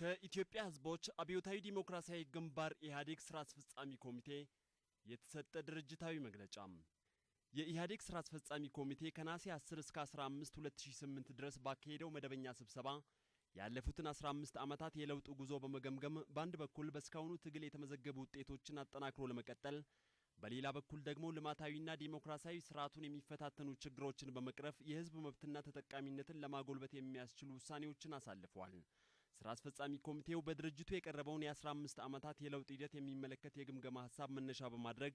ከኢትዮጵያ ህዝቦች አብዮታዊ ዲሞክራሲያዊ ግንባር ኢህአዴግ ስራ አስፈጻሚ ኮሚቴ የተሰጠ ድርጅታዊ መግለጫ። የኢህአዴግ ስራ አስፈጻሚ ኮሚቴ ከነሐሴ 10 እስከ 15 2008 ድረስ ባካሄደው መደበኛ ስብሰባ ያለፉትን 15 ዓመታት የለውጥ ጉዞ በመገምገም በአንድ በኩል በእስካሁኑ ትግል የተመዘገቡ ውጤቶችን አጠናክሮ ለመቀጠል በሌላ በኩል ደግሞ ልማታዊና ዲሞክራሲያዊ ስርዓቱን የሚፈታተኑ ችግሮችን በመቅረፍ የህዝብ መብትና ተጠቃሚነትን ለማጎልበት የሚያስችሉ ውሳኔዎችን አሳልፈዋል። ስራ አስፈጻሚ ኮሚቴው በድርጅቱ የቀረበውን የ15 ዓመታት የለውጥ ሂደት የሚመለከት የግምገማ ሀሳብ መነሻ በማድረግ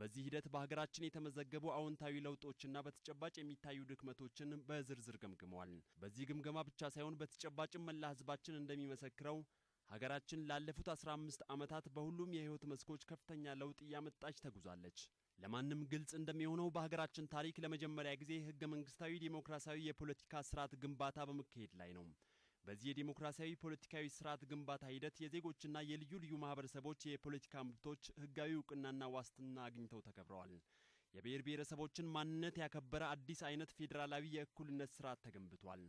በዚህ ሂደት በሀገራችን የተመዘገቡ አዎንታዊ ለውጦችና በተጨባጭ የሚታዩ ድክመቶችን በዝርዝር ገምግመዋል። በዚህ ግምገማ ብቻ ሳይሆን በተጨባጭም መላ ህዝባችን እንደሚመሰክረው ሀገራችን ላለፉት 15 ዓመታት በሁሉም የህይወት መስኮች ከፍተኛ ለውጥ እያመጣች ተጉዛለች። ለማንም ግልጽ እንደሚሆነው በሀገራችን ታሪክ ለመጀመሪያ ጊዜ ህገ መንግስታዊ ዴሞክራሲያዊ የፖለቲካ ስርዓት ግንባታ በመካሄድ ላይ ነው። በዚህ የዴሞክራሲያዊ ፖለቲካዊ ስርዓት ግንባታ ሂደት የዜጎችና የልዩ ልዩ ማህበረሰቦች የፖለቲካ መብቶች ህጋዊ እውቅናና ዋስትና አግኝተው ተከብረዋል። የብሔር ብሔረሰቦችን ማንነት ያከበረ አዲስ አይነት ፌዴራላዊ የእኩልነት ስርዓት ተገንብቷል።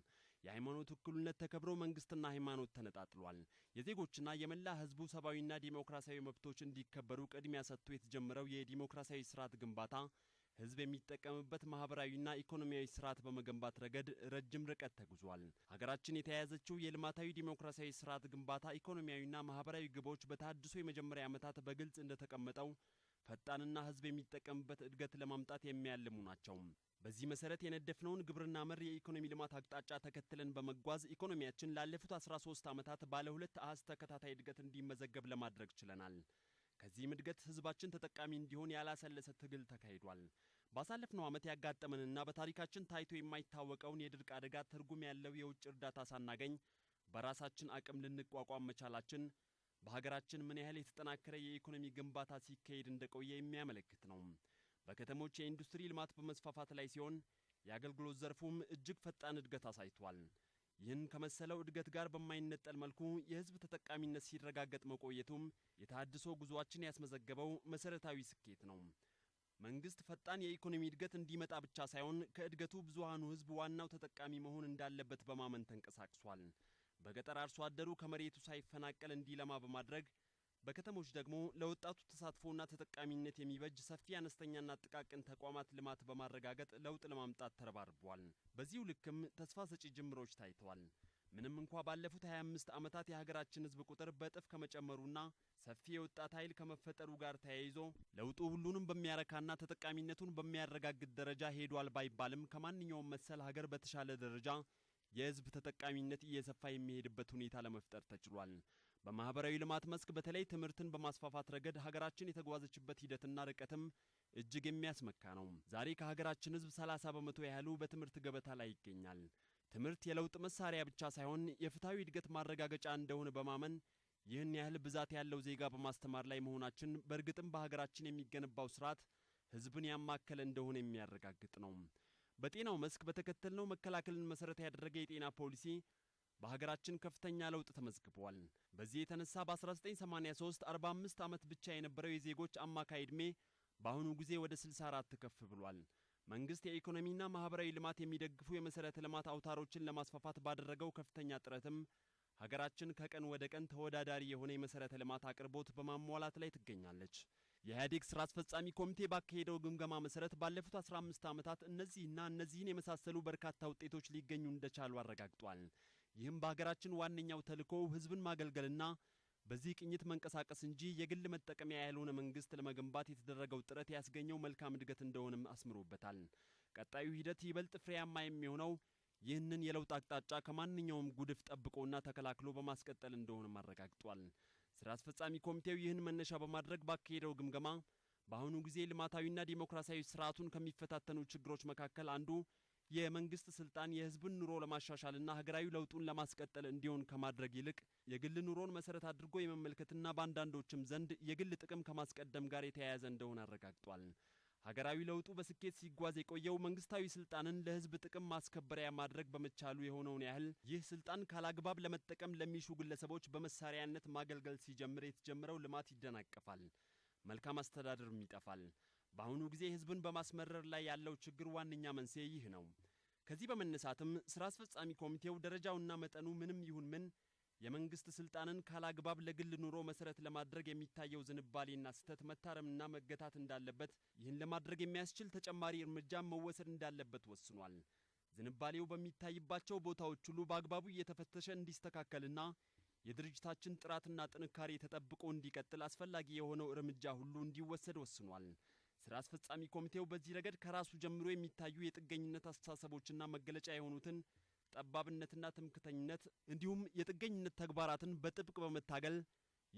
የሃይማኖት እኩልነት ተከብሮ መንግስትና ሃይማኖት ተነጣጥሏል። የዜጎችና የመላ ህዝቡ ሰብአዊና ዴሞክራሲያዊ መብቶች እንዲከበሩ ቅድሚያ ሰጥቶ የተጀመረው የዲሞክራሲያዊ ስርዓት ግንባታ ህዝብ የሚጠቀምበት ማህበራዊና ኢኮኖሚያዊ ስርዓት በመገንባት ረገድ ረጅም ርቀት ተጉዟል። ሀገራችን የተያያዘችው የልማታዊ ዲሞክራሲያዊ ስርዓት ግንባታ ኢኮኖሚያዊና ማህበራዊ ግቦች በታድሶ የመጀመሪያ ዓመታት በግልጽ እንደተቀመጠው ፈጣንና ህዝብ የሚጠቀምበት እድገት ለማምጣት የሚያልሙ ናቸው። በዚህ መሰረት የነደፍነውን ግብርና መር የኢኮኖሚ ልማት አቅጣጫ ተከትለን በመጓዝ ኢኮኖሚያችን ላለፉት 13 ዓመታት ባለ ሁለት አሃዝ ተከታታይ እድገት እንዲመዘገብ ለማድረግ ችለናል። ከዚህም እድገት ህዝባችን ተጠቃሚ እንዲሆን ያላሰለሰ ትግል ተካሂዷል። ባሳለፍነው ዓመት ያጋጠመንና በታሪካችን ታይቶ የማይታወቀውን የድርቅ አደጋ ትርጉም ያለው የውጭ እርዳታ ሳናገኝ በራሳችን አቅም ልንቋቋም መቻላችን በሀገራችን ምን ያህል የተጠናከረ የኢኮኖሚ ግንባታ ሲካሄድ እንደቆየ የሚያመለክት ነው። በከተሞች የኢንዱስትሪ ልማት በመስፋፋት ላይ ሲሆን የአገልግሎት ዘርፉም እጅግ ፈጣን እድገት አሳይቷል። ይህን ከመሰለው እድገት ጋር በማይነጠል መልኩ የህዝብ ተጠቃሚነት ሲረጋገጥ መቆየቱም የተሃድሶ ጉዞአችን ያስመዘገበው መሰረታዊ ስኬት ነው። መንግስት ፈጣን የኢኮኖሚ እድገት እንዲመጣ ብቻ ሳይሆን ከእድገቱ ብዙሃኑ ህዝብ ዋናው ተጠቃሚ መሆን እንዳለበት በማመን ተንቀሳቅሷል። በገጠር አርሶ አደሩ ከመሬቱ ሳይፈናቀል እንዲለማ በማድረግ በከተሞች ደግሞ ለወጣቱ ተሳትፎና ተጠቃሚነት የሚበጅ ሰፊ አነስተኛና ጥቃቅን ተቋማት ልማት በማረጋገጥ ለውጥ ለማምጣት ተረባርቧል። በዚሁ ልክም ተስፋ ሰጪ ጅምሮች ታይተዋል። ምንም እንኳ ባለፉት 25 ዓመታት የሀገራችን ሕዝብ ቁጥር በእጥፍ ከመጨመሩና ሰፊ የወጣት ኃይል ከመፈጠሩ ጋር ተያይዞ ለውጡ ሁሉንም በሚያረካና ተጠቃሚነቱን በሚያረጋግጥ ደረጃ ሄዷል ባይባልም ከማንኛውም መሰል ሀገር በተሻለ ደረጃ የህዝብ ተጠቃሚነት እየሰፋ የሚሄድበት ሁኔታ ለመፍጠር ተችሏል። በማህበራዊ ልማት መስክ በተለይ ትምህርትን በማስፋፋት ረገድ ሀገራችን የተጓዘችበት ሂደትና ርቀትም እጅግ የሚያስመካ ነው። ዛሬ ከሀገራችን ሕዝብ 30 በመቶ ያህሉ በትምህርት ገበታ ላይ ይገኛል። ትምህርት የለውጥ መሳሪያ ብቻ ሳይሆን የፍትሐዊ እድገት ማረጋገጫ እንደሆነ በማመን ይህን ያህል ብዛት ያለው ዜጋ በማስተማር ላይ መሆናችን በእርግጥም በሀገራችን የሚገነባው ስርዓት ሕዝብን ያማከለ እንደሆነ የሚያረጋግጥ ነው። በጤናው መስክ በተከተልነው መከላከልን መሰረት ያደረገ የጤና ፖሊሲ በሀገራችን ከፍተኛ ለውጥ ተመዝግቧል። በዚህ የተነሳ በ1983 45 ዓመት ብቻ የነበረው የዜጎች አማካይ ዕድሜ በአሁኑ ጊዜ ወደ 64 ከፍ ብሏል። መንግስት የኢኮኖሚና ማህበራዊ ልማት የሚደግፉ የመሰረተ ልማት አውታሮችን ለማስፋፋት ባደረገው ከፍተኛ ጥረትም ሀገራችን ከቀን ወደ ቀን ተወዳዳሪ የሆነ የመሰረተ ልማት አቅርቦት በማሟላት ላይ ትገኛለች። የኢህአዴግ ስራ አስፈጻሚ ኮሚቴ ባካሄደው ግምገማ መሰረት ባለፉት 15 ዓመታት እነዚህና እነዚህን የመሳሰሉ በርካታ ውጤቶች ሊገኙ እንደቻሉ አረጋግጧል። ይህም በሀገራችን ዋነኛው ተልኮ ህዝብን ማገልገልና በዚህ ቅኝት መንቀሳቀስ እንጂ የግል መጠቀሚያ ያልሆነ መንግስት ለመገንባት የተደረገው ጥረት ያስገኘው መልካም እድገት እንደሆነም አስምሮበታል። ቀጣዩ ሂደት ይበልጥ ፍሬያማ የሚሆነው ይህንን የለውጥ አቅጣጫ ከማንኛውም ጉድፍ ጠብቆና ተከላክሎ በማስቀጠል እንደሆነም አረጋግጧል። ስራ አስፈጻሚ ኮሚቴው ይህን መነሻ በማድረግ ባካሄደው ግምገማ በአሁኑ ጊዜ ልማታዊና ዲሞክራሲያዊ ስርዓቱን ከሚፈታተኑ ችግሮች መካከል አንዱ የመንግስት ስልጣን የህዝብን ኑሮ ለማሻሻልና ሀገራዊ ለውጡን ለማስቀጠል እንዲሆን ከማድረግ ይልቅ የግል ኑሮን መሰረት አድርጎ የመመልከትና በአንዳንዶችም ዘንድ የግል ጥቅም ከማስቀደም ጋር የተያያዘ እንደሆነ አረጋግጧል። ሀገራዊ ለውጡ በስኬት ሲጓዝ የቆየው መንግስታዊ ስልጣንን ለህዝብ ጥቅም ማስከበሪያ ማድረግ በመቻሉ የሆነውን ያህል ይህ ስልጣን ካላግባብ ለመጠቀም ለሚሹ ግለሰቦች በመሳሪያነት ማገልገል ሲጀምር የተጀመረው ልማት ይደናቀፋል፣ መልካም አስተዳደርም ይጠፋል። በአሁኑ ጊዜ ህዝብን በማስመረር ላይ ያለው ችግር ዋነኛ መንስኤ ይህ ነው። ከዚህ በመነሳትም ስራ አስፈጻሚ ኮሚቴው ደረጃውና መጠኑ ምንም ይሁን ምን የመንግስት ስልጣንን ካላግባብ ለግል ኑሮ መሰረት ለማድረግ የሚታየው ዝንባሌና ስህተት መታረምና መገታት እንዳለበት፣ ይህን ለማድረግ የሚያስችል ተጨማሪ እርምጃ መወሰድ እንዳለበት ወስኗል። ዝንባሌው በሚታይባቸው ቦታዎች ሁሉ በአግባቡ እየተፈተሸ እንዲስተካከልና የድርጅታችን ጥራትና ጥንካሬ ተጠብቆ እንዲቀጥል አስፈላጊ የሆነው እርምጃ ሁሉ እንዲወሰድ ወስኗል። ስራ አስፈጻሚ ኮሚቴው በዚህ ረገድ ከራሱ ጀምሮ የሚታዩ የጥገኝነት አስተሳሰቦችና መገለጫ የሆኑትን ጠባብነትና ትምክተኝነት እንዲሁም የጥገኝነት ተግባራትን በጥብቅ በመታገል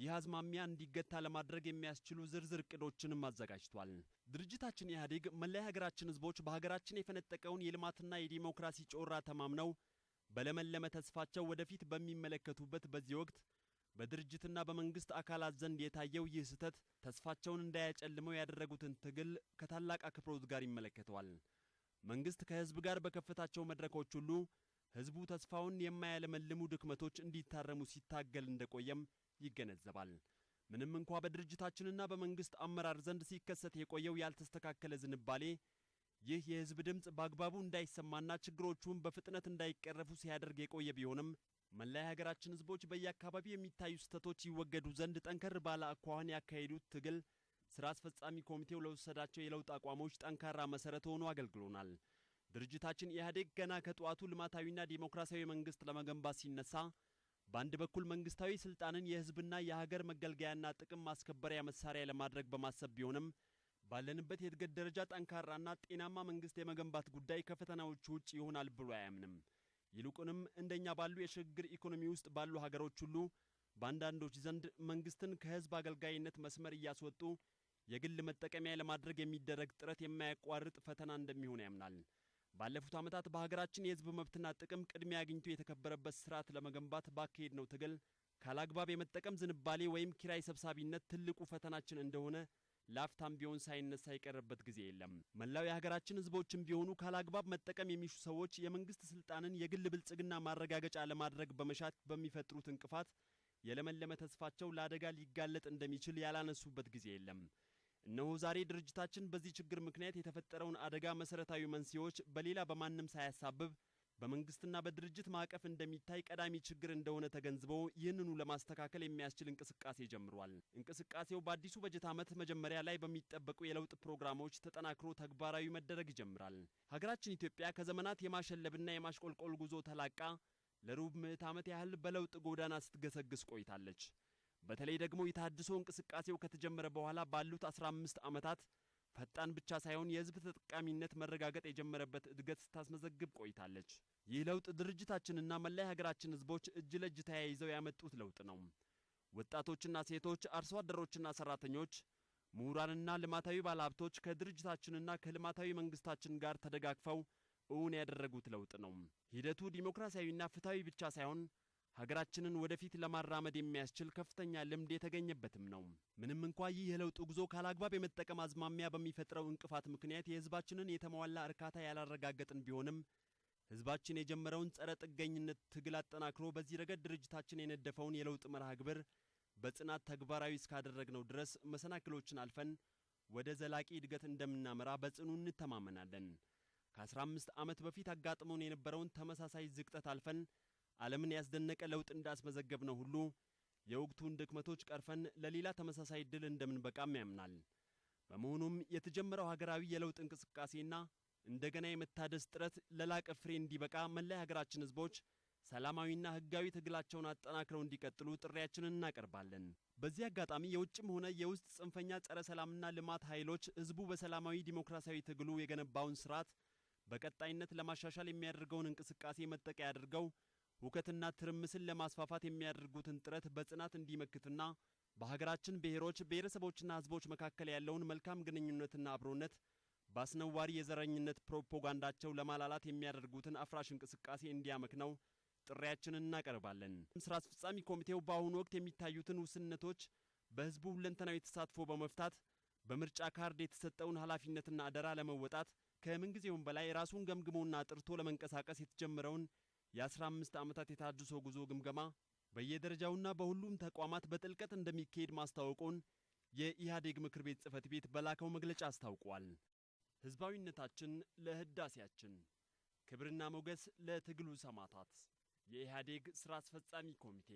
ይህ አዝማሚያ እንዲገታ ለማድረግ የሚያስችሉ ዝርዝር እቅዶችንም አዘጋጅቷል። ድርጅታችን ኢህአዴግ መላይ ሀገራችን ህዝቦች በሀገራችን የፈነጠቀውን የልማትና የዲሞክራሲ ጮራ ተማምነው በለመለመ ተስፋቸው ወደፊት በሚመለከቱበት በዚህ ወቅት በድርጅትና በመንግስት አካላት ዘንድ የታየው ይህ ስህተት ተስፋቸውን እንዳያጨልመው ያደረጉትን ትግል ከታላቅ አክብሮት ጋር ይመለከተዋል። መንግስት ከህዝብ ጋር በከፈታቸው መድረኮች ሁሉ ህዝቡ ተስፋውን የማያለመልሙ ድክመቶች እንዲታረሙ ሲታገል እንደቆየም ይገነዘባል። ምንም እንኳ በድርጅታችንና በመንግስት አመራር ዘንድ ሲከሰት የቆየው ያልተስተካከለ ዝንባሌ ይህ የህዝብ ድምፅ በአግባቡ እንዳይሰማና ችግሮቹን በፍጥነት እንዳይቀረፉ ሲያደርግ የቆየ ቢሆንም መላ የሀገራችን ህዝቦች በየአካባቢው የሚታዩ ስህተቶች ይወገዱ ዘንድ ጠንከር ባለ አኳኋን ያካሄዱት ትግል ስራ አስፈጻሚ ኮሚቴው ለወሰዳቸው የለውጥ አቋሞች ጠንካራ መሰረት ሆኖ አገልግሎናል። ድርጅታችን ኢህአዴግ ገና ከጠዋቱ ልማታዊና ዴሞክራሲያዊ መንግስት ለመገንባት ሲነሳ በአንድ በኩል መንግስታዊ ስልጣንን የህዝብና የሀገር መገልገያና ጥቅም ማስከበሪያ መሳሪያ ለማድረግ በማሰብ ቢሆንም ባለንበት የእድገት ደረጃ ጠንካራና ጤናማ መንግስት የመገንባት ጉዳይ ከፈተናዎቹ ውጭ ይሆናል ብሎ አያምንም። ይልቁንም እንደኛ ባሉ የሽግግር ኢኮኖሚ ውስጥ ባሉ ሀገሮች ሁሉ በአንዳንዶች ዘንድ መንግስትን ከህዝብ አገልጋይነት መስመር እያስወጡ የግል መጠቀሚያ ለማድረግ የሚደረግ ጥረት የማያቋርጥ ፈተና እንደሚሆን ያምናል። ባለፉት ዓመታት በሀገራችን የህዝብ መብትና ጥቅም ቅድሚያ አግኝቶ የተከበረበት ስርዓት ለመገንባት ባካሄድ ነው ትግል ካላግባብ የመጠቀም ዝንባሌ ወይም ኪራይ ሰብሳቢነት ትልቁ ፈተናችን እንደሆነ ላፍታም ቢሆን ሳይነሳ የቀረበት ጊዜ የለም። መላው የሀገራችን ህዝቦችም ቢሆኑ ካላግባብ መጠቀም የሚሹ ሰዎች የመንግስት ስልጣንን የግል ብልጽግና ማረጋገጫ ለማድረግ በመሻት በሚፈጥሩት እንቅፋት የለመለመ ተስፋቸው ለአደጋ ሊጋለጥ እንደሚችል ያላነሱበት ጊዜ የለም። እነሆ ዛሬ ድርጅታችን በዚህ ችግር ምክንያት የተፈጠረውን አደጋ መሰረታዊ መንስኤዎች በሌላ በማንም ሳያሳብብ በመንግስትና በድርጅት ማዕቀፍ እንደሚታይ ቀዳሚ ችግር እንደሆነ ተገንዝበው ይህንኑ ለማስተካከል የሚያስችል እንቅስቃሴ ጀምሯል። እንቅስቃሴው በአዲሱ በጀት ዓመት መጀመሪያ ላይ በሚጠበቁ የለውጥ ፕሮግራሞች ተጠናክሮ ተግባራዊ መደረግ ይጀምራል። ሀገራችን ኢትዮጵያ ከዘመናት የማሸለብና የማሽቆልቆል ጉዞ ተላቃ ለሩብ ምዕት ዓመት ያህል በለውጥ ጎዳና ስትገሰግስ ቆይታለች። በተለይ ደግሞ የተሃድሶ እንቅስቃሴው ከተጀመረ በኋላ ባሉት 15 ዓመታት ፈጣን ብቻ ሳይሆን የህዝብ ተጠቃሚነት መረጋገጥ የጀመረበት እድገት ስታስመዘግብ ቆይታለች። ይህ ለውጥ ድርጅታችንና መላ የሀገራችን ህዝቦች እጅ ለእጅ ተያይዘው ያመጡት ለውጥ ነው። ወጣቶችና ሴቶች፣ አርሶ አደሮችና ሰራተኞች፣ ምሁራንና ልማታዊ ባለሀብቶች ከድርጅታችንና ከልማታዊ መንግስታችን ጋር ተደጋግፈው እውን ያደረጉት ለውጥ ነው። ሂደቱ ዲሞክራሲያዊና ፍትሐዊ ብቻ ሳይሆን ሀገራችንን ወደፊት ለማራመድ የሚያስችል ከፍተኛ ልምድ የተገኘበትም ነው። ምንም እንኳ ይህ የለውጡ ጉዞ ካላግባብ የመጠቀም አዝማሚያ በሚፈጥረው እንቅፋት ምክንያት የህዝባችንን የተሟላ እርካታ ያላረጋገጥን ቢሆንም ህዝባችን የጀመረውን ጸረ ጥገኝነት ትግል አጠናክሮ በዚህ ረገድ ድርጅታችን የነደፈውን የለውጥ መርሃ ግብር በጽናት ተግባራዊ እስካደረግነው ድረስ መሰናክሎችን አልፈን ወደ ዘላቂ እድገት እንደምናመራ በጽኑ እንተማመናለን። ከ15 ዓመት በፊት አጋጥመውን የነበረውን ተመሳሳይ ዝቅጠት አልፈን ዓለምን ያስደነቀ ለውጥ እንዳስመዘገብ ነው ሁሉ የወቅቱን ድክመቶች ቀርፈን ለሌላ ተመሳሳይ ድል እንደምንበቃም ያምናል። በመሆኑም የተጀመረው ሀገራዊ የለውጥ እንቅስቃሴና እንደገና የመታደስ ጥረት ለላቀ ፍሬ እንዲበቃ መላ የሀገራችን ህዝቦች ሰላማዊና ህጋዊ ትግላቸውን አጠናክረው እንዲቀጥሉ ጥሪያችንን እናቀርባለን። በዚህ አጋጣሚ የውጭም ሆነ የውስጥ ጽንፈኛ ጸረ ሰላምና ልማት ኃይሎች ህዝቡ በሰላማዊ ዲሞክራሲያዊ ትግሉ የገነባውን ስርዓት በቀጣይነት ለማሻሻል የሚያደርገውን እንቅስቃሴ መጠቀያ አድርገው ሁከትና ትርምስን ለማስፋፋት የሚያደርጉትን ጥረት በጽናት እንዲመክትና በሀገራችን ብሔሮች፣ ብሔረሰቦችና ህዝቦች መካከል ያለውን መልካም ግንኙነትና አብሮነት በአስነዋሪ የዘረኝነት ፕሮፓጋንዳቸው ለማላላት የሚያደርጉትን አፍራሽ እንቅስቃሴ እንዲያመክነው ጥሪያችንን እናቀርባለን። ስራ አስፈጻሚ ኮሚቴው በአሁኑ ወቅት የሚታዩትን ውስንነቶች በህዝቡ ሁለንተናዊ ተሳትፎ በመፍታት በምርጫ ካርድ የተሰጠውን ኃላፊነትና አደራ ለመወጣት ከምንጊዜውም በላይ ራሱን ገምግሞና ጥርቶ ለመንቀሳቀስ የተጀመረውን የ15 ዓመታት የታድሶ ጉዞ ግምገማ በየደረጃውና በሁሉም ተቋማት በጥልቀት እንደሚካሄድ ማስታወቁን የኢህአዴግ ምክር ቤት ጽህፈት ቤት በላከው መግለጫ አስታውቋል። ህዝባዊነታችን ለህዳሴያችን፣ ክብርና ሞገስ ለትግሉ ሰማዕታት። የኢህአዴግ ሥራ አስፈጻሚ ኮሚቴ